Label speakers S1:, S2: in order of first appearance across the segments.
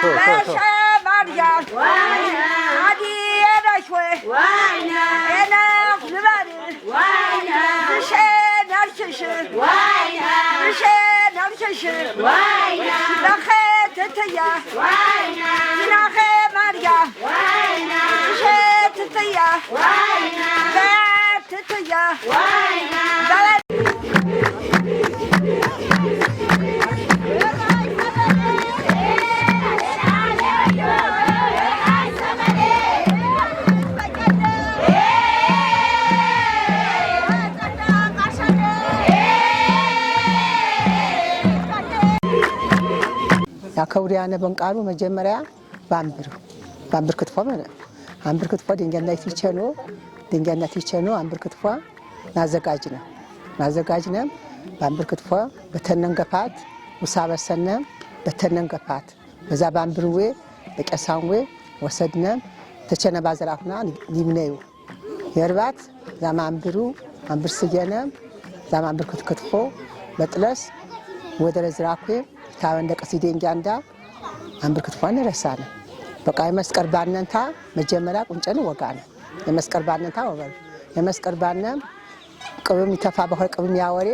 S1: Lesze Maria, Ani Ereśły, Ena Zlewary, Wysze Narcyszy, Wysze Narcyszy, Nache Teteja, Nache Maria,
S2: Wysze
S1: Teteja,
S3: ከውዲያነ በንቃሉ መጀመሪያ ባንብር ባንብር ክትፎ ማለት አንብር ክትፎ ድንጋና ይትቸኖ ድንጋና ይትቸኖ አንብር ክትፎ ናዘጋጅ ነው ናዘጋጅ ነው ባንብር ክትፎ በተነን ገፋት በተነንገፋት በተነን ገፋት በዛ በቀሳን በቀሳንዌ ወሰድነ ተቸነ ባዘራፍና ሊምነዩ የርባት ዛማንብሩ አንብር ስየነ ዛማንብር ክትፎ በጥለስ ወደረ ዝራኩ ታወንደቀ ሲደንጃ እንዳ አንብርክት ኳን ረሳነ በቃ የመስቀር ባነንታ መጀመሪያ ቁንጨን ወጋነ የመስቀር ባነንታ ወበል የመስቀር ባነ ቅብም ይተፋ በሆይ ቅብም ያወሬ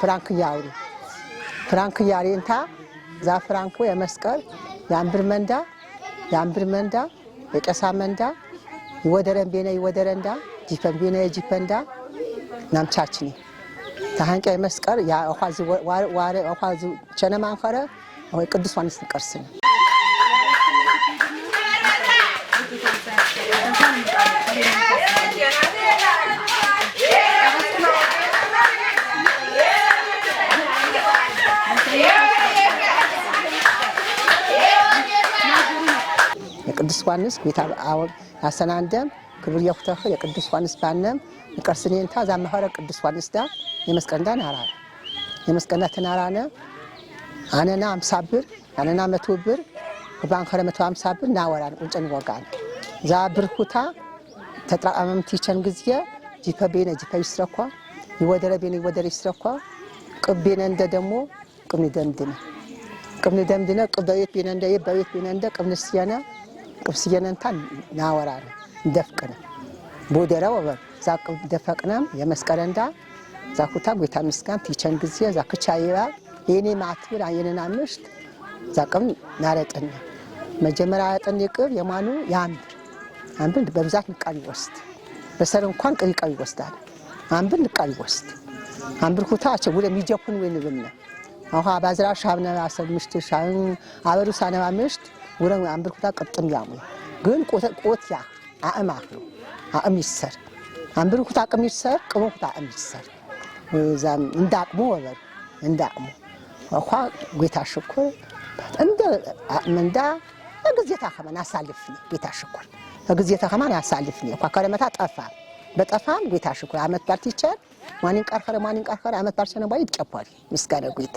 S3: ፍራንክ ያውሪ ፍራንክ ያሬንታ ዛ ፍራንኩ የመስቀር የአንብር መንዳ የአንብር መንዳ የቀሳ መንዳ ይወደረን ቤነ ይወደረንዳ ጂፈን ቤነ የጂፈንዳ ናምቻችን ታሃንቀይ መስቀል ያ አኳዚ ዋሬ አኳዚ ቸነማንፈረ ወይ ቅዱስ ዮሐንስ ተቀርስ ቅዱስ ዋንስ ቤታ አሰናንደም ክብር የኩተፈ የቅዱስ ዮሐንስ ባነም ይቀርስኔንታ ዛመኸረ ቅዱስ ዮሐንስ ዳ የመስቀንዳ ናራነ የመስቀንዳ ተናራነ አነና አምሳ ብር አነና መቶ ብር ባንከረ መቶ አምሳ ብር ናወራን ቁንጨን ወጋን ዛ ብርኩታ ተጥራቃመምቲ ቲቸን ጊዜ ጂፐ ቤነ ጂፐ ይስረኳ ይወደረ ቤነ ይወደረ ይስረኳ ቅብ ቤነ እንደ ደግሞ ቅብኒ ደምድነ ቅብኒ ደምድነ ቅብ በቤት ቤነ እንደ የበቤት ቤነ እንደ ቅብኒ ስየነ ቅብ ስየነንታ ናወራነ ደፍቅነ ቦደራ ወበር ዛቅብ ደፈቅናም የመስቀለንዳ ዛኩታ ጎይታ ምስጋን ቲቸን ጊዜ ዛክቻ ይባ የኔ ማትብል አየነና ምሽት ዛቅብ ናረጥን መጀመሪያ ያጠን ይቅብ የማኑ ያምር አንብን በብዛት ንቃል ይወስድ በሰር እንኳን ቅሪቃው ይወስዳል አንብን ንቃል ይወስድ አንብር ኩታ አቸው ጉለ ሚጀኩን ወይ ንብነ አሁን አባዝራ ሻብነ አሰብ ምሽት ሻን አበሩ ሳነባ ምሽት ጉረ አንብር ኩታ ቅጥም ያሙ ግን ቆት ያ አእም አክሉ አእም ይሰር አንብር አቅም ይሰር ይሰር እንዳቅሙ ወበር እንዳቅሙ እኳ ጌታ ሽኩር እንደ ጌታ ሽኩር እኳ ከረመታ ጠፋ በጠፋም ጌታ ሽኩር አመት ባልት ይቻል ማንን ቀርከረ ማንን ቀርከረ አመት ምስጋና ጌታ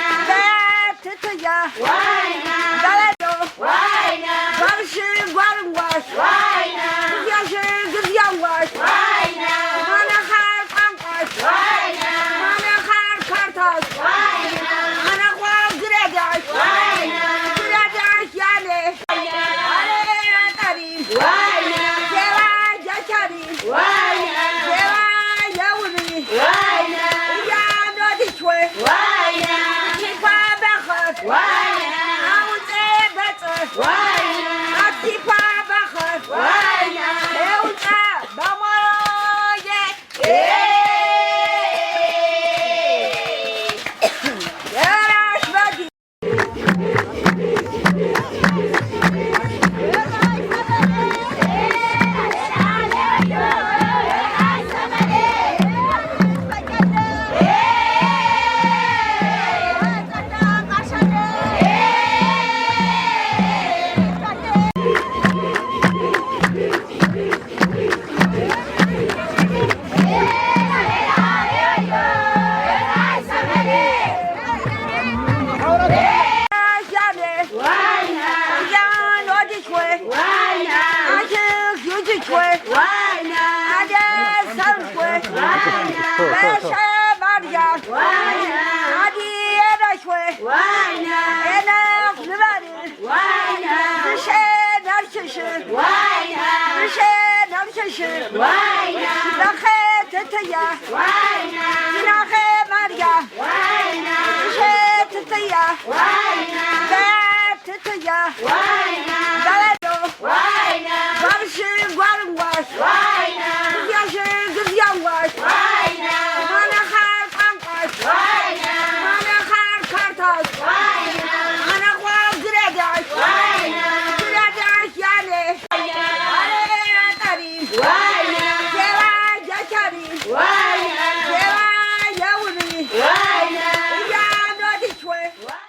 S2: ya.